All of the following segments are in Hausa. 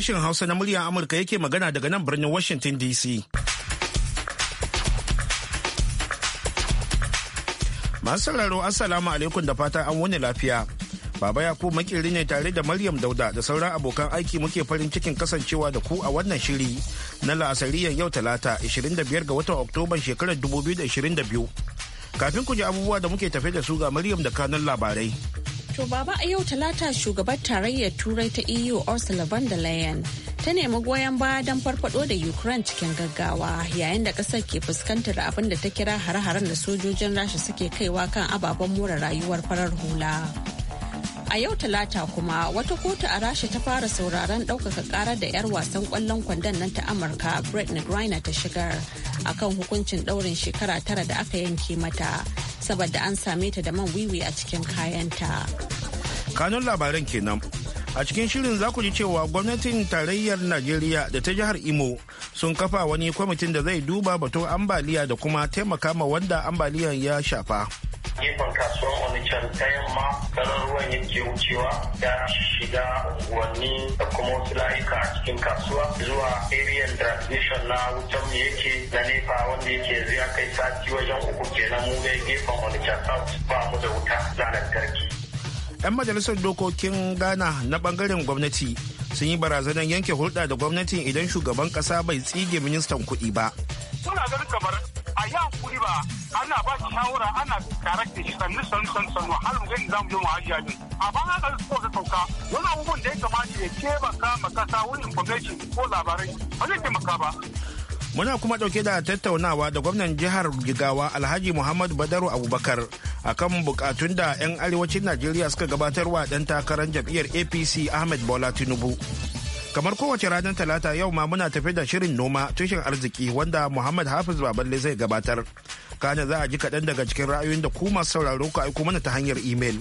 sashen Hausa na muryar Amurka yake magana daga nan birnin Washington DC. Masu sauraro Assalamu alaikum da fata an wani lafiya. Baba ya makiri ne tare da Maryam Dauda da sauran abokan aiki muke farin cikin kasancewa da ku a wannan shiri na la'asariyar yau talata 25 ga watan Oktoban shekarar 2022. Kafin ku ji abubuwa da muke tafe da su ga Maryam da kanun labarai. To baba a yau talata shugabar tarayyar turai ta EU Ursula von der Leyen ta nemi goyon baya don farfado da Ukraine cikin gaggawa yayin da kasar ke fuskantar abin da ta kira hare-haren da sojojin rasha suke kaiwa kan ababen more rayuwar farar hula. A yau talata kuma wata kotu a rasha ta fara sauraron ɗaukaka ƙarar da 'yar wasan ƙwallon kwandon nan ta Amurka Brett Griner ta shigar akan hukuncin ɗaurin shekara tara da aka yanke mata. saboda an same ta da man wiwi a cikin kayanta. kanun labaran kenan a cikin shirin za ku ji cewa gwamnatin tarayyar najeriya da ta jihar imo sun kafa wani kwamitin da zai duba batun ambaliya da kuma taimaka ma wanda ambaliyan ya shafa. gefen kasuwan onitsha ta yamma karar ruwan yake wucewa ya shiga unguwanni da kuma wasu layuka a cikin kasuwa zuwa arian transmission na wutan mu yake na nefa wanda yake zai kai sati wajen uku kenan mu dai gefen onitsha south ba mu da wuta na lantarki. 'Yan majalisar dokokin Ghana na bangaren gwamnati sun yi barazanar yanke hulɗa da gwamnatin idan shugaban ƙasa bai tsige ministan kuɗi ba. suna ganin kamar a yi hankuri ba ana ba shawara ana karar da shi sannu sannu sannu sannu har mu gani za mu je mu hajiya ne a ban haka su ko sauka wani abubuwan da ya kamata ya taimaka ma kasa wani information ko labarai ba zai taimaka ba. Muna kuma ɗauke da tattaunawa da gwamnan jihar Jigawa Alhaji Muhammadu Badaru Abubakar a kan bukatun da 'yan arewacin Najeriya suka gabatarwa dan takarar jam'iyyar APC Ahmed Bola Tinubu. kamar kowace ranar talata yau ma muna tafi da shirin noma tushen arziki wanda muhammad hafiz baballe zai gabatar kana za a ji kaɗan daga cikin ra'ayoyin da ku masu sauraro ku aiko mana ta hanyar imel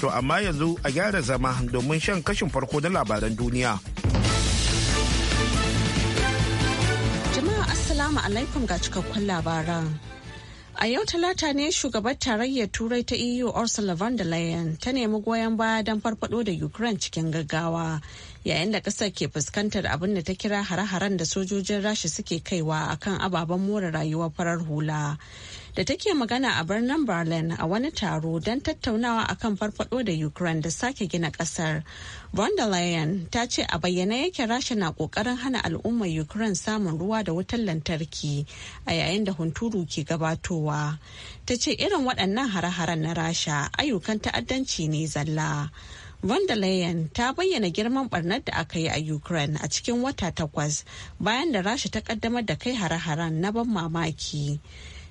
to amma yanzu a gyara zama domin shan kashin farko na labaran duniya jama'a assalamu alaikum ga cikakkun labaran A yau talata ne shugabar tarayyar turai ta EU Ursula von der Leyen ta nemi goyon baya don farfado da Ukraine cikin gaggawa yayin da ƙasar ke fuskantar abin da ta kira hare-haren da sojojin rasha suke kaiwa akan ababen more rayuwar farar hula da take magana a birnin berlin a wani taro don tattaunawa akan farfado da ukraine da sake gina kasar von der ta ce a bayyane yake rasha na kokarin hana al'ummar ukraine samun ruwa da wutar lantarki a yayin da hunturu ke gabatowa ta ce irin waɗannan hare-haren na rasha ayyukan ta'addanci ne zalla Von Leyen ta bayyana girman barnar da aka yi a Ukraine a cikin wata takwas bayan da Rasha ta kaddamar da kai hare-haren na ban mamaki.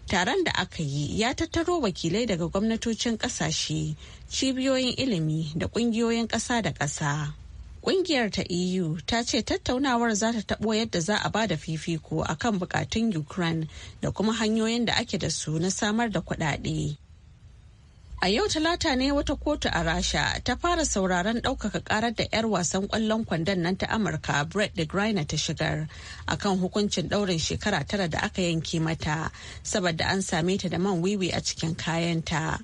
Taron da aka yi ya tattaro wakilai daga gwamnatocin kasashe, cibiyoyin ilimi da kungiyoyin ƙasa da ƙasa. Kungiyar ta EU ta ce tattaunawar za ta taɓo yadda za a ba da fifiko kan bukatun Ukraine da kuma hanyoyin da ake da su na samar da kuɗaɗe. A yau talata ne wata kotu a Rasha ta fara sauraron ɗaukaka karar da 'yar wasan ƙwallon kwandon nan ta Amurka Brett de Griner ta shigar akan hukuncin ɗaurin shekara tara da aka yanke mata saboda an same ta da man wiwi a cikin kayanta.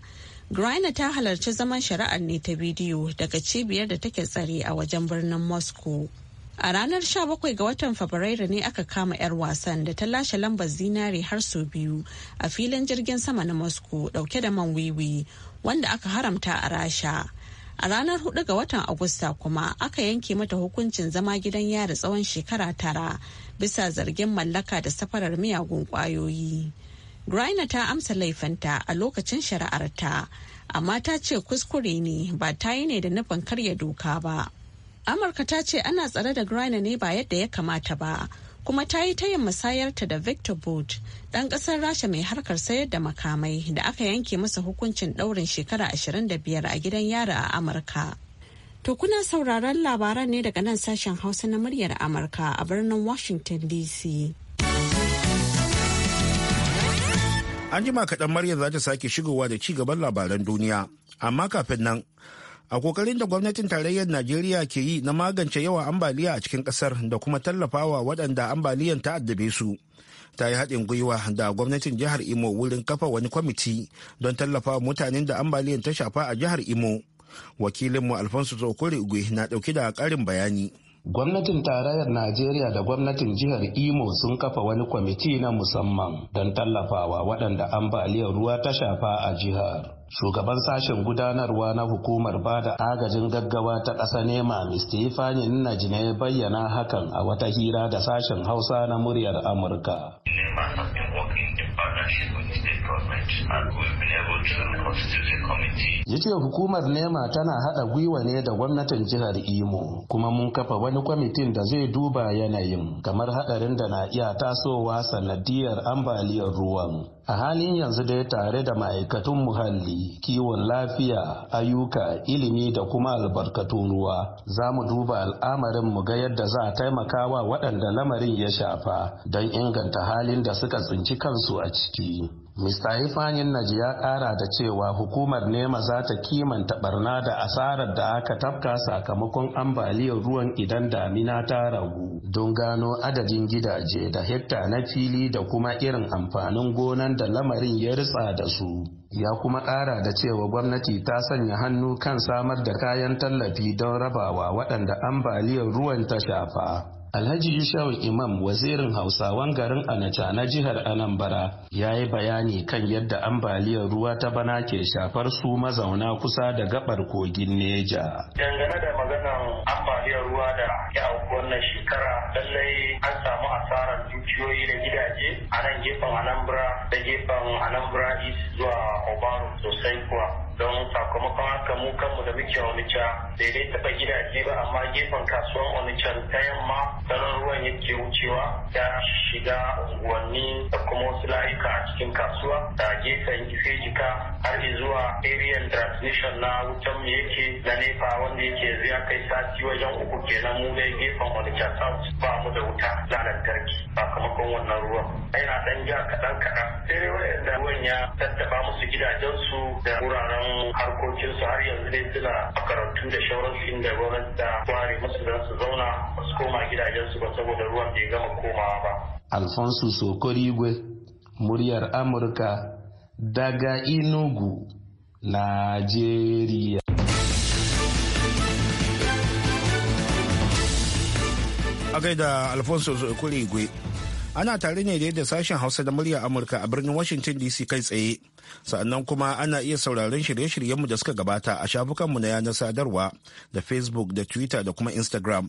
Griner ta halarci zaman shari'ar ne ta bidiyo daga cibiyar da take tsare a wajen birnin Moscow. A ranar 17 ga watan Fabrairu ne aka kama 'yar wasan da ta lashe lambar zinare har sau biyu a filin jirgin sama na Moscow dauke da man wiwi wanda aka haramta a rasha a ranar 4 ga watan agusta kuma aka yanke mata hukuncin zama gidan yari tsawon shekara tara bisa zargin mallaka da safarar miyagun kwayoyi Graina ta amsa laifinta a lokacin shari'arta amma ta ce kuskure ne ba ta yi ne da nufin karya doka ba amurka ta ce ana tsare da Graina ne ba yadda ya kamata ba kuma ta yi tayin musayarta da victor boot ɗan ƙasar rasha mai harkar sayar da makamai da aka yanke masa hukuncin ɗaurin shekara 25 a gidan yara a amurka to kuna sauraron labaran ne daga nan sashen hausa na muryar amurka a birnin washington dc an jima kaɗan maryam za ta sake shigowa da ci gaban labaran duniya amma kafin nan a kokarin da gwamnatin tarayyar najeriya ke yi na magance yawan ambaliya a cikin kasar da kuma tallafawa waɗanda ambaliyan ta addabe su ta yi haɗin gwiwa da gwamnatin jihar imo wurin kafa wani kwamiti don tallafawa mutanen da ambaliyan ta shafa a jihar imo wakilinmu alfonso tsokore ugwe na ɗauki da ƙarin bayani Gwamnatin tarayyar Najeriya da gwamnatin jihar Imo sun kafa wani kwamiti na musamman don tallafawa waɗanda ambaliyar ruwa ta shafa a jihar. shugaban sashen gudanarwa na hukumar bada agajin gaggawa ta ƙasa nema mr ifani bayyana hakan a wata hira da sashen hausa na muryar amurka ya ce hukumar nema tana haɗa gwiwa ne da gwamnatin jihar imo kuma mun kafa wani kwamitin da zai duba yanayin kamar haɗarin da na iya tasowa sanadiyar ambaliyar ruwan A halin yanzu dai tare da ma'aikatun muhalli, kiwon lafiya, ayyuka, ilimi da kuma albarkatun ruwa, za mu duba al'amarin mu ga yadda za a taimaka wa waɗanda lamarin ya shafa don inganta halin da suka tsinci kansu a ciki. Mr. Ifanyin Naji ya ƙara da cewa hukumar nema za ta kimanta barna da asarar da aka tafka sakamakon ambaliyar ruwan idan damina ta ragu don gano adadin gidaje da hekta na fili da kuma irin amfanin gonan da lamarin ya ritsa da su. Ya kuma ƙara da cewa gwamnati ta sanya hannu kan samar da kayan tallafi don rabawa waɗanda ambaliyar ruwan ta shafa. Alhaji Ishawul Imam wazirin Hausawan garin Anacha na jihar Anambra ya yi bayani kan yadda ambaliyar ruwa ta bana ke shafar su mazauna kusa da gabar kogin Neja. Dangane da maganar ambaliyar ruwa da ya auku wannan shekara lallai an samu asarar dukiyoyi da gidaje a nan gefen Anambra da gefen Anambra East zuwa Obaro sosai kuwa. don sakamakon haka mu kanmu da muke onitsha dai taɓa gidaje ba amma gefen kasuwan onitsha ta yamma salon ruwan yake wucewa ya shiga unguwanni da kuma wasu layuka a cikin kasuwa da gefen jika. har zuwa aerial transmission na wutan mu yake na NEPA wanda yake yanzu kai sati wajen uku kenan mu dai gefen wani south ba mu da wuta na lantarki sakamakon wannan ruwan yana dan ja kaɗan kaɗan sai wanda ruwan ya tattaba musu gidajensu da wuraren harkokinsu har yanzu dai suna makarantu da shauransu inda gwamnati ta ware musu don su zauna ba su koma gidajensu ba saboda ruwan bai gama komawa ba. Alfonso Sokorigwe, muryar Amurka daga Inugu, Najeriya. A gaida Alfonso Kurigwe. Ana tare ne da sashen Hausa da murya Amurka a birnin Washington DC kai tsaye. sannan kuma ana iya sauraron shirye-shiryenmu da suka gabata a shafukanmu na yanar sadarwa da Facebook da Twitter da kuma Instagram.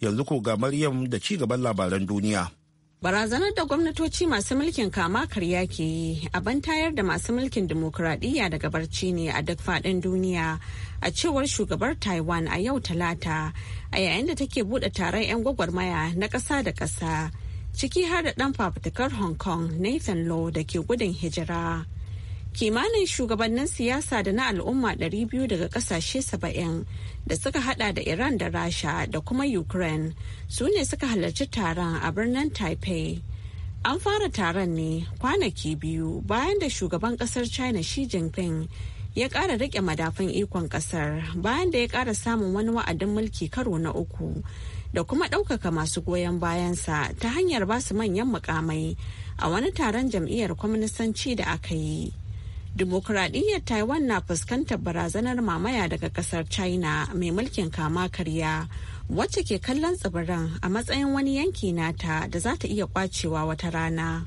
Yanzu ko ga Maryam da ci gaban labaran duniya. Barazanar da gwamnatoci masu mulkin kama karya ke yi ban tayar da masu mulkin dimokuraɗiyya daga barci ne a duk faɗin duniya a cewar shugabar Taiwan a yau talata a yayin da take buɗe taron 'yan gwagwarmaya na ƙasa da ƙasa ciki har da ɗan fafutukar Hong Kong Nathan Law da ke gudun hijira. kimanin shugabannin siyasa da na al'umma 200 daga kasashe 70 da suka hada da iran da rasha da kuma ukraine su ne suka halarci taron a birnin taipei an fara taron ne kwanaki biyu bayan da shugaban kasar china xi jinping ya kara rike madafin ikon kasar bayan da ya kara samun wani wa'adin mulki karo na uku da kuma ɗaukaka masu goyon bayansa ta hanyar basu manyan mukamai a wani taron jam'iyyar kwaminisanci da aka yi Dimokuraɗiyyar Taiwan na fuskantar barazanar mamaya daga ƙasar China mai mulkin kama karya, wacce ke kallon tsibiran a matsayin wani yanki nata da za ta iya kwacewa wata rana.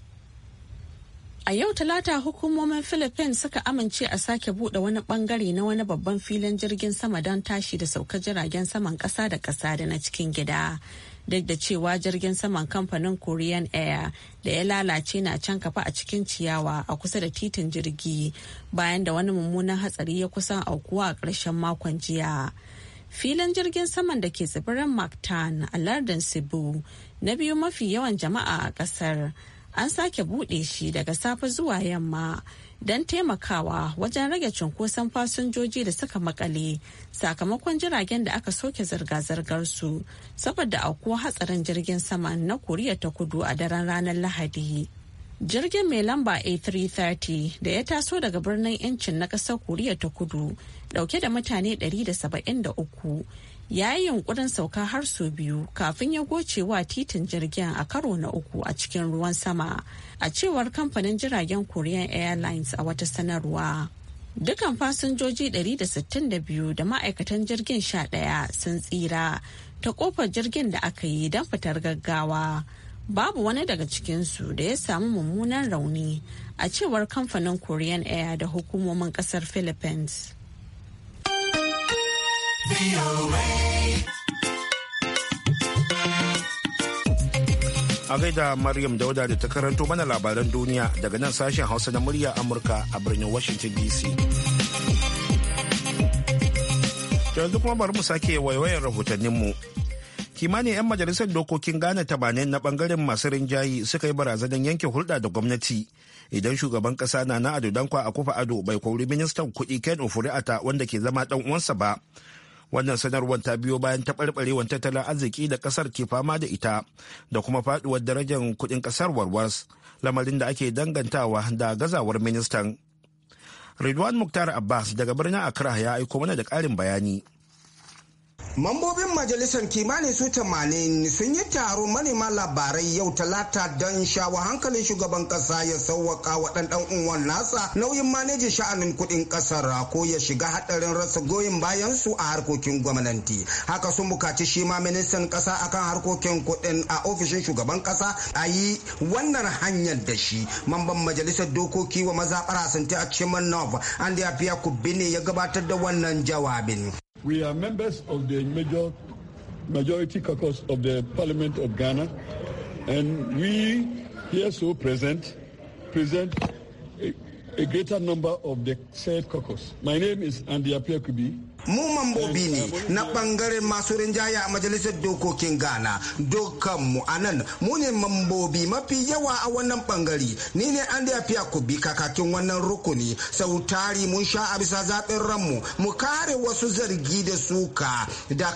A yau talata hukumomin Philippines suka amince a sake bude wani bangare na wani babban filin jirgin sama don tashi da sauka jiragen saman kasa da kasa da na cikin gida. duk da cewa jirgin saman kamfanin korean air da ya lalace na can kafa a cikin ciyawa a kusa da titin jirgi bayan da wani mummunan hatsari ya kusan aukuwa a ƙarshen makon jiya filin jirgin saman da ke tsibirin mactan a lardin cebu na biyu mafi yawan jama'a a ƙasar an sake buɗe shi daga safe zuwa yamma don taimakawa wajen rage cunkoson fasinjoji da suka makale sakamakon jiragen da aka soke zirga zirgar su saboda aukuwa hatsarin jirgin sama na koriya ta kudu a daren ranar lahadi jirgin mai lamba a330 da ya taso daga birnin yancin na ƙasar koriya ta kudu dauke da mutane 173 ya yi yunkurin sauka har sau biyu kafin ya goce wa titin jirgin a karo na uku a cikin ruwan sama a cewar kamfanin jiragen korean airlines a wata sanarwa dukan fasinjoji 162 da ma'aikatan jirgin sha 11 sun tsira ta kofar jirgin da aka yi don fitar gaggawa babu wani daga cikinsu da ya samu mummunan rauni a cewar kamfanin korean air da hukumomin kasar philippines A gaida Maryam Dauda da ta karanto mana labaran duniya daga nan sashen Hausa na murya Amurka a birnin Washington DC. Yanzu kuma bari mu sake waiwayar rahotanninmu. Kimanin 'yan majalisar dokokin Ghana tamanin na bangaren masu rinjayi suka yi barazanar yanke hulɗa da gwamnati. Idan shugaban ƙasa na na ado dankwa a kufa ado bai kori ministan kuɗi Ken Ofuri'ata wanda ke zama ɗan uwansa ba. wannan sanarwar ta biyo bayan taɓarɓarewar tattalin arziki da ƙasar ke fama da ita da kuma faɗuwar darajar kuɗin ƙasar warwars, lamarin da ake dangantawa da gazawar ministan Ridwan Muktar Abbas daga birnin Accra ya aiko mana da ƙarin bayani. Mambobin majalisar kimanin su tamanin sun yi taro manema labarai yau talata don shawo hankalin shugaban kasa ya sauwaka wa ɗanɗan unwan nasa nauyin manajin sha'anin kuɗin ƙasar ko ya shiga haɗarin rasa goyin bayansu a harkokin gwamnati. Haka sun bukaci shi ma ministan ƙasa akan harkokin kuɗin a ofishin shugaban ƙasa a yi wannan hanyar da shi. Mamban majalisar dokoki wa mazaɓar Asante a Chimanov, Andy Apia ne ya gabatar da wannan jawabin. We are members of the major majority caucus of the Parliament of Ghana, and we here so present present a, a, greater number of the said caucus. My name is Andy Apiakubi. mu mambobi ne na bangaren masu rinjaya a majalisar dokokin ghana dokanmu a nan mu ne mambobi mafi yawa a wannan bangare ni ne an da fiya kubi kakakin wannan rukuni sau tari mun sha a bisa zaɓin ranmu mu kare wasu zargi da suka da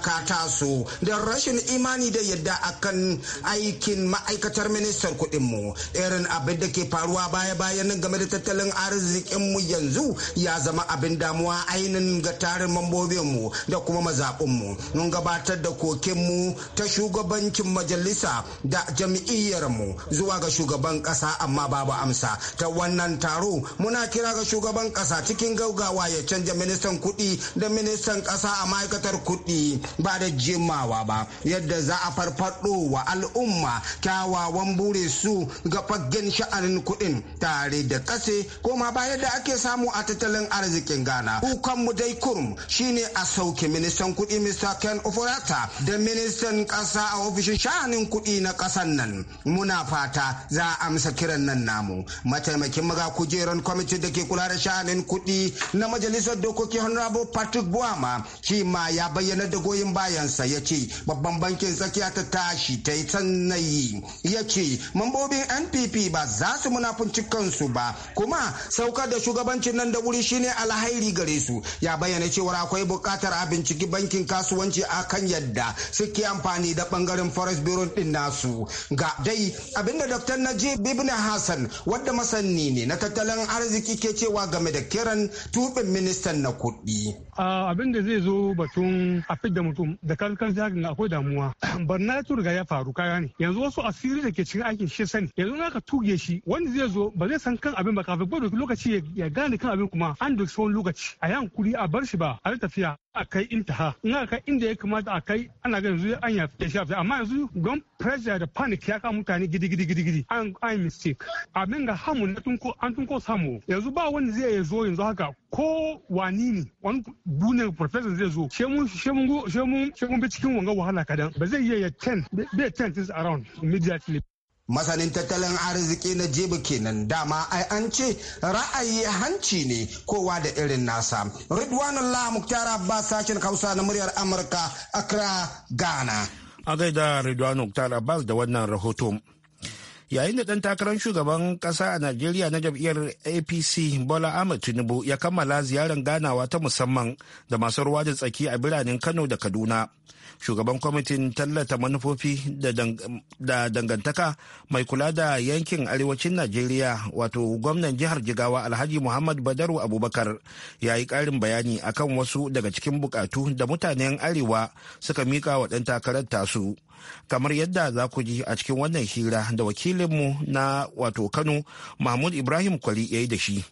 su da rashin imani da yadda akan aikin ma'aikatar ministan kuɗinmu irin abin da ke faruwa baya-bayan game da tattalin arzikinmu yanzu ya zama abin damuwa ainihin ga tarin mambobi mu da kuma mazaɓinmu mun gabatar da kokinmu ta shugabancin majalisa da jam'iyyarmu zuwa ga shugaban ƙasa amma babu amsa ta wannan taro muna kira ga shugaban ƙasa cikin gaugawa ya canja ministan kuɗi da ministan ƙasa a ma'aikatar kuɗi ba da jimawa ba yadda za a farfaɗo wa al'umma kyawawan bure su ga fagen sha'anin kuɗin tare da ƙase ko ma bayan da ake samu a tattalin arzikin ghana kukanmu dai kurum shi shine a sauke ministan kuɗi Mr. Ken Oforata da ministan kasa a ofishin sha'anin kuɗi na ƙasan nan. Muna fata za a amsa kiran nan namu. Mataimakin maga kujeran kwamitin da ke kula da sha'anin kuɗi na majalisar dokoki Honorable Patrick Buama shi ma ya bayyana da goyon bayansa ya ce babban bankin tsakiya ta tashi ta yi sannayi ya ce mambobin npp ba za su munafunci kansu ba kuma saukar da shugabancin nan da wuri shine alhairi gare su ya bayyana cewa akwai akwai buƙatar a binciki bankin kasuwanci a kan yadda suke amfani da bangaren forest bureau din nasu ga dai abinda dr najib ibn hassan wadda masani ne na tattalin arziki ke cewa game da kiran tubin ministan na kuɗi. abin da zai zo batun a da mutum da kankan na akwai damuwa barna ya turga ya faru kaya ne yanzu wasu asiri da ke cikin aikin shi sani yanzu na ka tuge shi wanda zai zo ba zai san kan abin ba kafin lokaci ya gane kan abin kuma an da tsawon lokaci a yan kuri a bar shi ba a tafiya a kai intaha in aka kai inda ya kamata a kai ana ga yanzu an yafi ya shafi amma yanzu don pressure da panic ya ka mutane gidi gidi gidi gidi an an mistake abin ga hamu na tunko an tunko samu yanzu ba wani zai ya zo yanzu haka ko wani ne wani bune professor zai zo she mun she mun she mun bi cikin wanga wahala kadan ba zai yi ya 10 be 10 is around immediately masanin tattalin arziki na jibi kenan dama ai an ce ra'ayi hanci ne kowa da irin nasa ridwanullah muktar abbas sashen hausa na muryar amurka accra ghana a gaida ridwan muktar abbas da wannan rahoto yayin da ɗan takarar shugaban ƙasa a najeriya na jam'iyyar apc bola ahmed tinubu ya kammala ziyarar ganawa ta musamman da masu ruwa da tsaki a biranen kano da kaduna shugaban kwamitin tallata manufofi da dangantaka mai kula da yankin arewacin najeriya wato gwamnan jihar jigawa alhaji muhammad badaru abubakar ya yi karin bayani akan wasu daga cikin bukatu da mutanen arewa suka mika wa ɗan takarar tasu kamar yadda za ku ji a cikin wannan hira da wakilinmu na wato kano mahmud ibrahim kwari ya yi da shi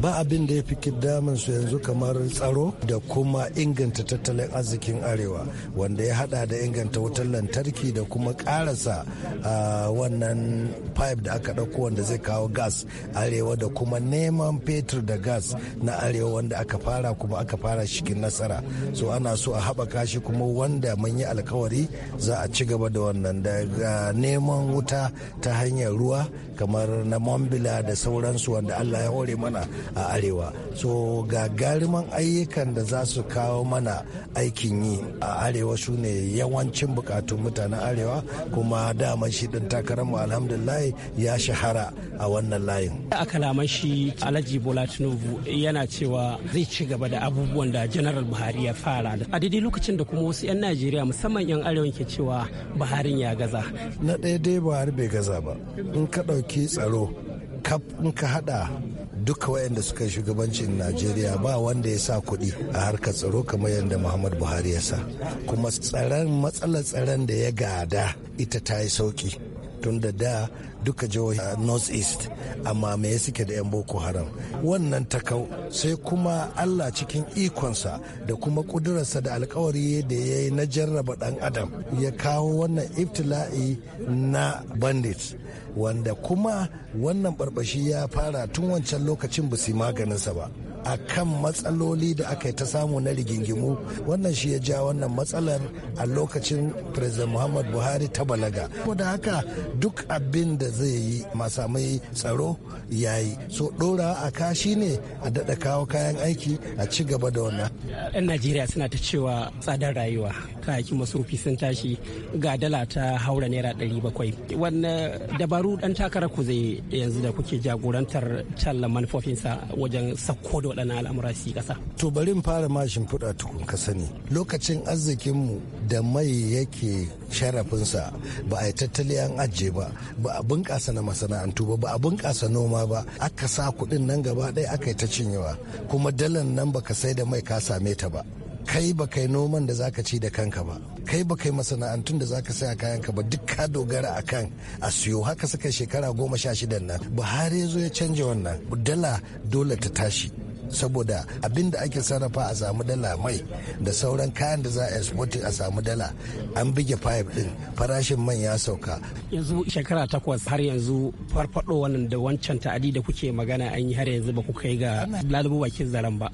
ba abin da ya fi damun su yanzu kamar tsaro da kuma inganta tattalin arzikin arewa wanda ya hada da inganta wutar lantarki da kuma karasa ah, wannan pipe da aka dauko wanda zai kawo gas arewa da kuma neman fetur da gas na arewa wanda aka fara kuma aka fara cikin nasara so ana so a haɓaka shi kuma wanda mun yi alkawari za a ci gaba da wannan daga neman wuta ta hanyar ruwa kamar na mambila da sauransu wanda allah ya hore mana a arewa so gagariman ayyukan da za su kawo mana aikin yi a arewa su ne yawancin bukatun mutanen arewa kuma dama shi din takararmu alhamdulillah ya shahara a wannan layin a kalaman shi alhaji bola tinubu yana cewa zai ci gaba da abubuwan da janaral buhari ya fara a daidai lokacin da kuma wasu 'yan najeriya musamman 'yan arewa ke cewa buharin ya gaza na daidai buhari bai gaza ba in ka ɗauki tsaro kaf in ka haɗa. duka wayanda suka shugabancin najeriya ba wanda ya sa kuɗi a harkar tsaro kamar yadda muhammad buhari ya sa kuma tsaron matsalar tsaron da ya gada ita ta yi sauki tun da da duka jihohi north east amma me suke da 'yan boko haram wannan takau sai kuma allah cikin ikonsa da kuma kudurarsa da alkawari da ya yi na jarraba dan adam ya kawo wannan iftila'i na bandit wanda kuma wannan barbashi ya fara tun wancan lokacin ba su maganinsa ba a kan matsaloli da aka yi ta samu na rigingimu wannan shi ya ja wannan matsalar a lokacin president muhammad buhari ta balaga ko da haka duk abin da zai yi masamai tsaro ya yi so dora a kashi ne a daɗa kawo kayan aiki a ci gaba da wannan yan najeriya suna ta cewa tsadar rayuwa kayayyakin masarufi sun tashi ga dala ta haura naira ɗari bakwai dabaru dan takara ku zai yanzu da kuke jagorantar talla manufofinsa wajen sakko waɗannan al'amura su ƙasa. To bari fara ma shimfiɗa tukun ka sani lokacin arzikinmu da mai yake sharafinsa ba a yi tattali an ajiye ba ba a bunƙasa na masana'antu ba ba a bunƙasa noma ba aka sa kuɗin nan gaba ɗaya aka yi ta cinyewa kuma dalan nan ba ka sai da mai ka same ta ba kai ba kai noman da zaka ci da kanka ba kai ba kai masana'antun da zaka saya kayan ka ba duk ka dogara a kan a siyo haka suka shekara goma sha shidan nan buhari ya zo ya canja wannan dala dole ta tashi saboda abin da ake sarrafa a samu dala mai da sauran kayan da za a exporting a samu dala an bige pipe din farashin man ya sauka yanzu shekara takwas har yanzu farfado wannan da wancan ta'adi da kuke magana an yi har yanzu ba ku kai ga lalubu bakin zaren ba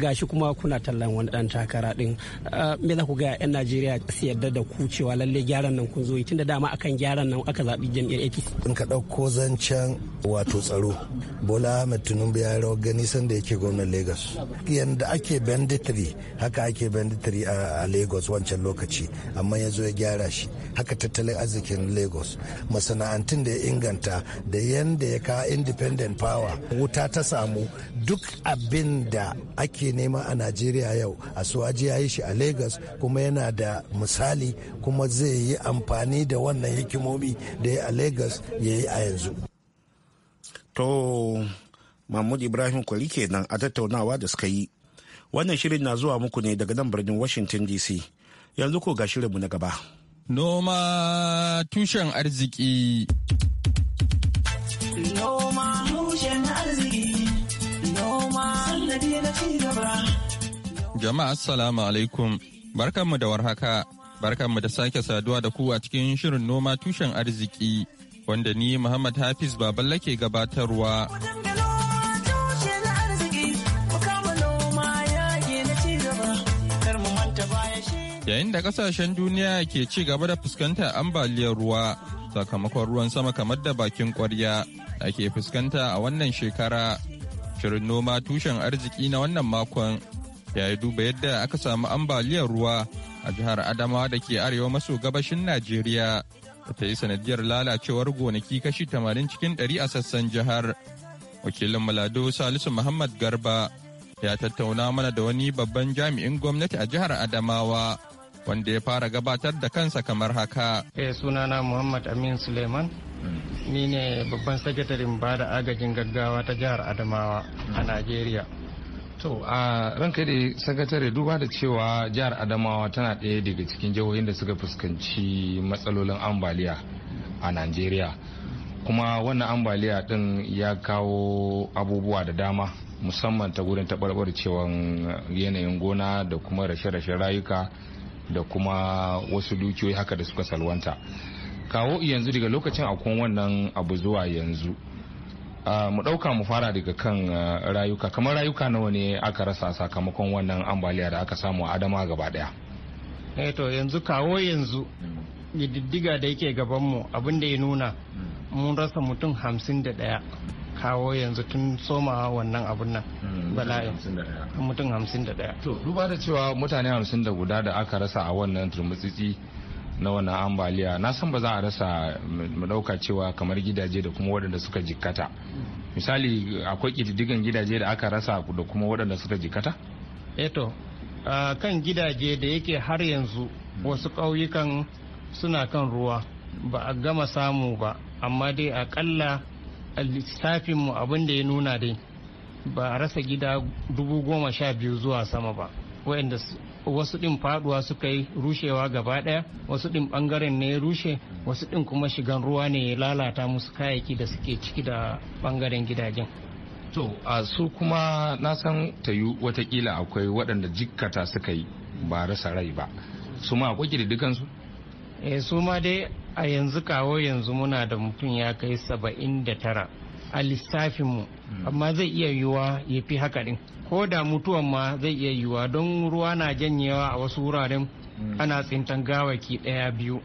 gashi kuma kuna tallan wani dan takara din ah, me za ku ga yan Najeriya su yarda da ku cewa lalle gyaran nan kun zo tunda dama akan gyaran nan aka zabi jam'iyyar APC in ka dauko zancen wato tsaro Bola Ahmed Tinubu ya rawar gani sanda yake gwamnati lagos yadda ake banditry haka ake banditry a lagos wancan lokaci amma ya zo ya gyara shi haka tattalin arzikin lagos masana'antun da ya inganta da yadda ya kawo independent power wuta ta samu duk abin da ake nema a najeriya yau a suwaji ya yi shi a lagos kuma yana da misali kuma zai yi amfani da wannan hikimomi da ya a lagos ya yi a yanzu to mahmud ibrahim kwali kenan a tattaunawa da suka yi wannan shirin na zuwa muku ne daga nan birnin washington dc yanzu ko ga shirinmu na gaba noma tushen arziki jama'a assalamu alaikum barkanmu da warhaka barkanmu da sake saduwa da ku a cikin shirin noma tushen arziki wanda ni muhammad hafiz baballa ke gabatarwa yayin da kasashen duniya ke ci gaba da fuskantar ambaliyar ruwa sakamakon ruwan sama kamar da bakin kwarya ake fuskanta a wannan shekara shirin noma tushen arziki na wannan makon ya yi duba yadda aka samu ambaliyar ruwa a jihar adamawa da ke arewa maso gabashin najeriya ta yi sanadiyar lalacewar gonaki kashi tamanin cikin 100 a sassan jihar wakilin malado salisu muhammad garba ya tattauna mana da wani babban jami'in gwamnati a jihar adamawa wanda ya fara gabatar da kansa kamar haka. Eh sunana Muhammad Amin Suleiman. Ni ne babban sakatarin ba da agajin gaggawa ta jihar Adamawa a Najeriya. To a ranka da sakatare duba da cewa jihar Adamawa tana ɗaya daga cikin jihohin da suka fuskanci matsalolin ambaliya a Najeriya. Kuma wannan ambaliya ɗin ya kawo abubuwa da dama musamman ta gudun cewa yanayin gona da kuma rashe-rashen rayuka da kuma wasu dukiyoyi haka da suka salwanta kawo yanzu daga lokacin akwai wannan abu zuwa yanzu mu ɗauka mu fara daga kan eh, rayuka kamar rayuka nawa ne aka rasa sakamakon wannan ambaliya da aka samu a adama gaba daya eh, to yanzu kawo yanzu mm. diddiga da yake gabanmu abin da ya nuna mm. mun rasa mutum hamsin da ɗaya kawo yanzu tun soma wannan abun nan hmm, bala'in mutum hamsin da daya to duba da cewa mutane hamsin da guda da aka rasa a wannan turmutsitsi na wannan ambaliya na san ba za a rasa mu dauka cewa kamar gidaje da kuma waɗanda suka jikkata misali akwai ƙididdigan gidaje da aka rasa da kuma waɗanda suka jikkata eto eh kan gidaje da yake har yanzu wasu ƙauyukan suna kan ruwa ba a gama samu ba amma dai akalla lissafin mu abin da ya nuna dai ba a rasa gida dubu goma sha biyu zuwa sama ba wayanda wasu ɗin faduwa suka yi rushewa gaba ɗaya wasu ɗin ɓangaren ne ya rushe wasu ɗin kuma shigan ruwa ne ya lalata musu kayayyaki da suke ciki da bangaren gidajen to a su kuma na san ta yi watakila akwai waɗanda jikkata suka yi ba rasa rai ba su ma akwai ƙididdikan eh, su ma dai a yanzu kawo yanzu muna da mutum ya kai saba'in da tara a lissafinmu hmm. amma zai iya yiwuwa ya fi haka ɗin ko da mutuwan ma zai iya yiwuwa don ruwa na janyewa a wasu wuraren hmm. ana tsintan gawaki ɗaya biyu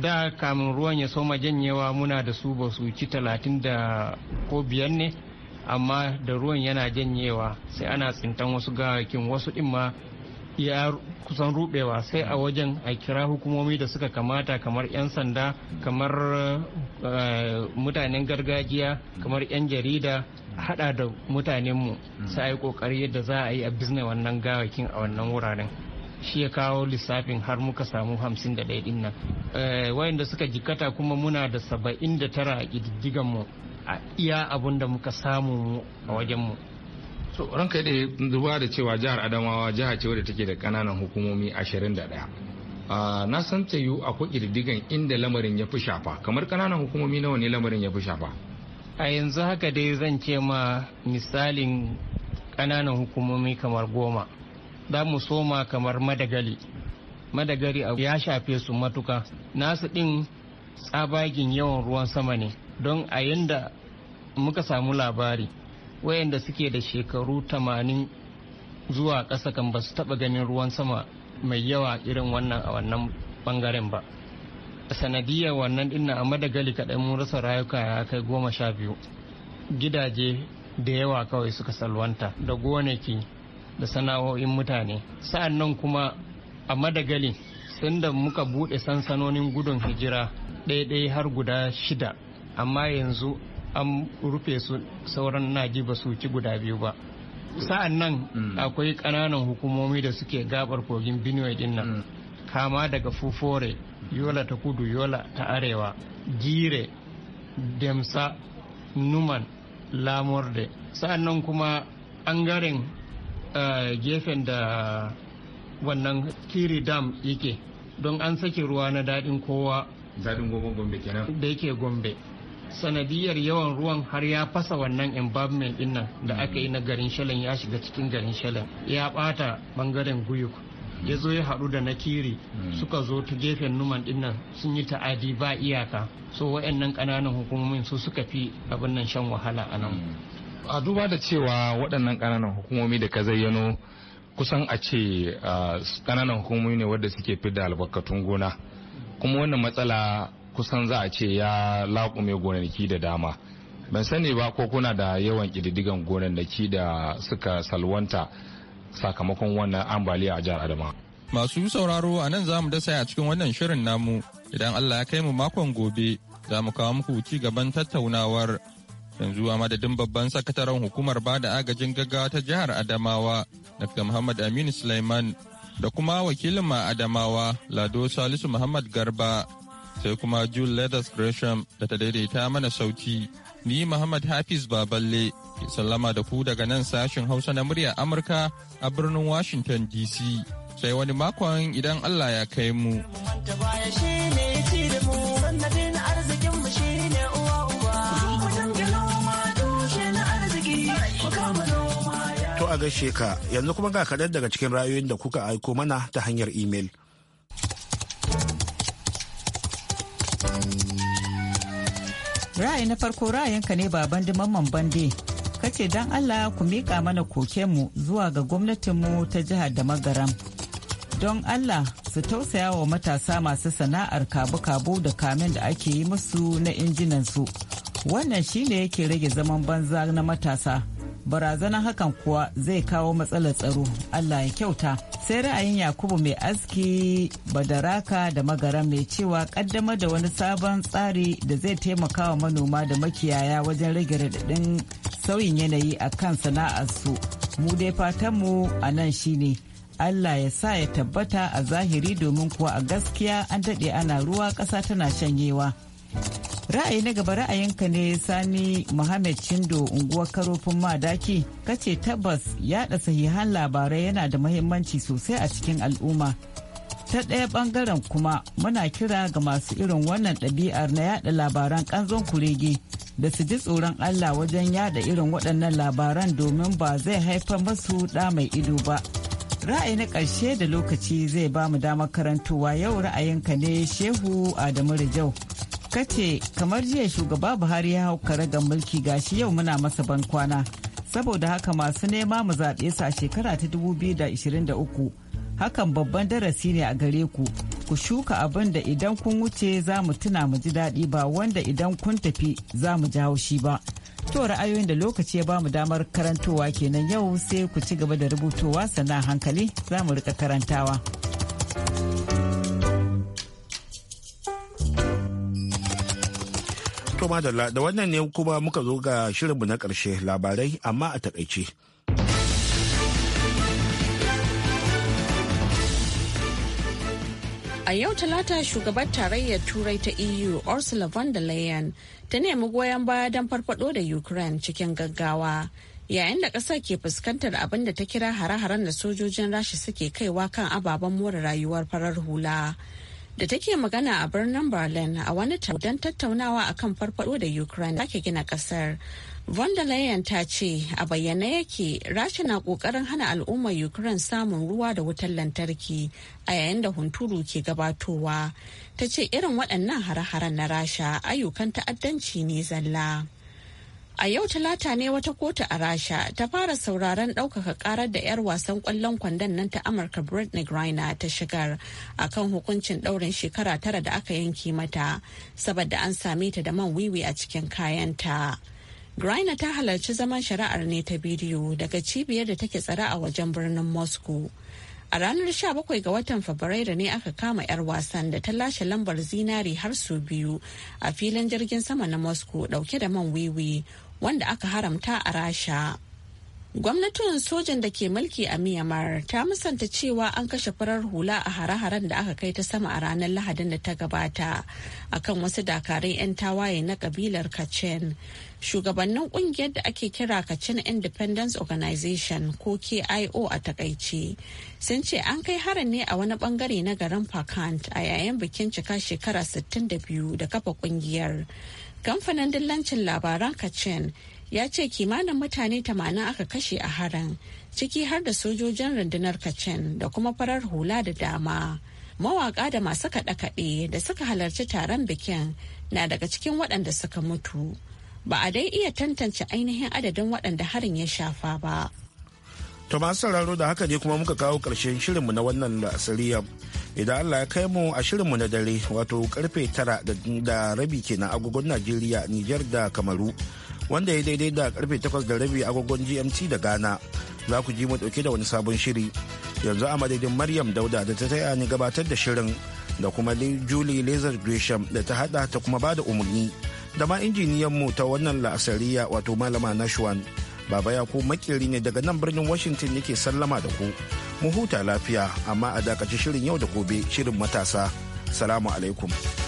da kamun ruwan ya soma janyewa muna da su ba su ci talatin da ko biyar ne amma da ruwan yana janyewa sai ana tsintan wasu gawakin wasu din ma ya kusan rubewa sai a wajen a kira hukumomi da suka kamata kamar 'yan sanda kamar eh, mutanen gargajiya kamar 'yan jarida hada da mutanenmu sai a yi kokari yadda za a yi a bizne wannan gawakin a wannan wuraren shi ya kawo lissafin har muka samu 51 din nan wayanda suka jikata kuma muna da 79 a kididdigan mu a iya abun da muka samu a wajen mu to ranka da duba da cewa jihar adamawa jiha ce wadda take da kananan hukumomi 21 na san ta yiwu akwai kirdigan inda lamarin ya fi shafa kamar kananan hukumomi nawa ne lamarin ya fi shafa a yanzu haka dai zan ce ma misalin kananan hukumomi kamar goma za mu soma kamar madagali madagali ya shafe su matuka nasu din tsabagin yawan ruwan sama ne don a yanda muka samu labari wayanda suke da shekaru 80 zuwa ƙasa kan ba su taɓa ganin ruwan sama mai yawa irin wannan a wannan bangaren ba sanadiyar wannan dinna a madagali kaɗai mun rasa rayuka ya kai goma sha biyu gidaje da yawa kawai suka salwanta da gonaki da sana'o'in mutane sa'an nan kuma a madagali sun da muka buɗe sansanonin gudun hijira ɗaiɗai har guda shida amma yanzu an rufe su sauran naji ba su ci guda biyu ba sa'an nan mm. akwai ƙananan hukumomi da suke gabar kogin benue din nan mm. kama daga fufore yola ta kudu yola ta arewa gire demsa numan lamorde sa'an nan kuma ɓangaren eh, gefen da wannan kiri dam yake don an sake ruwa na daɗin kowa daɗin gombe kenan da yake gombe sanadiyar yawan ruwan har ya fasa wannan embankment din nan da aka yi na garin shalen ya shiga cikin garin shalen ya bata bangaren guyuk ya zo ya haɗu da na kiri hmm. suka zo ta gefen numan din nan sun yi ta'adi ba iyaka so wa'annan ƙananan hukumomin su suka fi abin nan shan wahala a nan hmm. a duba da cewa waɗannan ƙananan hukumomi da ka zayyano kusan a ce ah, ƙananan hukumomi ne wadda suke fi da albarkatun gona kuma wannan matsala kusan za a ce ya laƙume gonaki da dama ban sani ba ko kuna da yawan ƙididdigan gonaki da suka salwanta sakamakon wannan ambaliya a jihar adama masu sauraro a nan za mu dasa a cikin wannan shirin namu idan allah ya kai mu makon gobe za mu kawo muku ci gaban tattaunawar yanzu a madadin babban sakataren hukumar ba da agajin gaggawa ta jihar adamawa dr muhammad aminu sulaiman da kuma wakilin ma adamawa lado salisu muhammad garba sai kuma Jule Leathers Gresham da ta daidaita mana sauti. Ni Muhammad Hafiz Baballe ke sallama da ku daga nan sashen Hausa na muryar Amurka a birnin Washington DC. Sai wani makon idan Allah ya kai mu. To a gaishe ka yanzu kuma ga kaɗan daga cikin rayuwar da kuka aiko mana ta hanyar imel. Ra'ayi na farko ra'ayinka ne ba bandi mamman bande. Kace don Allah ku miƙa mana kokenmu zuwa ga gwamnatinmu ta jihar da magaram. Don Allah su tausaya wa matasa masu sana'ar kabu-kabu da kamin da ake yi musu na injinansu. Wannan shine yake rage zaman banza na matasa. barazanar hakan kuwa zai kawo matsalar tsaro allah ya kyauta sai ra'ayin yakubu mai aski badaraka da magara mai cewa kaddamar da wani sabon tsari da zai taimaka wa manoma da makiyaya wajen rage radadin sauyin yanayi a kan sana'arsu mu dai fatanmu a nan shine Allah ya sa ya tabbata a zahiri domin kuwa a gaskiya an daɗe ana ruwa ƙasa tana shanyewa. Ra'ayi na gaba ra'ayinka ne Sani Muhammad Shindo unguwar Karofin Madaki kace tabbas yada sahihan labarai yana da mahimmanci sosai a cikin al'umma. Ta ɗaya ɓangaren kuma muna kira ga masu irin wannan ɗabi'ar na yada labaran ƙanzon kurege da su ji tsoron Allah wajen yada irin waɗannan labaran domin ba zai haifa masu ɗa mai ido ba. ra'ayi na ƙarshe da lokaci zai ba mu damar karantowa yau ra'ayinka ne shehu adamu rijau kace kamar jiya shugaba buhari ya hau ga mulki gashi yau muna masa ban kwana saboda haka masu nema mu zaɓe sa shekara ta 2023 hakan babban darasi ne a gare ku ku shuka abin da idan kun wuce za mu tuna mu ji daɗi ba wanda idan kun tafi za mu jawo shi ba to ra'ayoyin da lokaci ya bamu damar karantowa kenan yau sai ku ci gaba da rubutowa sannan hankali za mu rika karantawa. To madalla da wannan ne kuma muka zo ga shirin shirinmu na karshe labarai amma a takaice. A yau talata shugabar tarayyar turai ta EU Ursula von der Leyen ta nemi goyon baya don farfado da Ukraine cikin gaggawa yayin da ƙasar ke fuskantar abin da ta kira hare-haren da sojojin rashi suke kaiwa kan ababen more rayuwar farar hula. da take magana a birnin berlin a wani don tattaunawa a kan farfado da ukraine take gina kasar von der leyen ta ce a bayyane yake rasha na kokarin hana al'ummar ukraine samun ruwa da wutar lantarki a yayin da hunturu ke gabatowa ta ce irin waɗannan hare-haren na rasha ayyukan ta'addanci ne zalla A yau talata ne wata kotu a Rasha ta fara sauraron ɗaukaka karar da 'yar wasan ƙwallon kwandon nan ta Amurka Britney Griner ta shigar a kan hukuncin ɗaurin shekara tara da aka yanke mata saboda an same ta da man wiwi a cikin kayanta. Griner ta halarci zaman shari'ar ne ta bidiyo daga cibiyar da take tsare a wajen birnin Moscow. A ranar 17 ga watan Fabrairu ne aka kama 'yar wasan da ta lashe lambar zinari har sau biyu a filin jirgin sama na Moscow dauke da man wiwi wanda aka haramta a rasha gwamnatin sojan da ke mulki a myanmar ta musanta cewa an kashe farar hula a hare-haren da aka kai ta sama a ranar lahadin da ta gabata akan wasu dakarun 'yan tawaye na kabilar kachin shugabannin kungiyar da ake kira kachin independence organization ko kio a takaice sun ce an kai harin ne a wani bangare na garin pakant a yayin bikin cika shekara 62 da kafa kungiyar. Kamfanin dillancin labaran Kachin ya ce kimanin mutane tamanin aka kashe a harin ciki har da sojojin rundunar Kachin da kuma farar hula da dama. Mawaka da masu kaɗe-kaɗe da suka halarci taron bikin na daga cikin waɗanda suka mutu. Ba a dai iya tantance ainihin adadin waɗanda harin ya shafa ba. To masu sauraro da haka ne kuma muka kawo ƙarshen shirinmu na wannan da asiriyar idan allah ya kai mu a shirinmu na dare wato karfe tara da rabi kenan agogon najeriya nijar da kamaru wanda ya daidai da karfe takwas da rabi agogon gmt da ghana za ku ji mu dauke da wani sabon shiri yanzu a madadin maryam dauda da ta taya ni gabatar da shirin da kuma julie lazar gresham da ta hada ta kuma bada umarni da ma injiniyan mu ta wannan la'asariya wato malama nashwan Baba ya ku makeri ne daga nan birnin Washington yake sallama da ku. Mu huta lafiya amma a dakaci shirin yau da gobe shirin matasa. Salamu alaikum.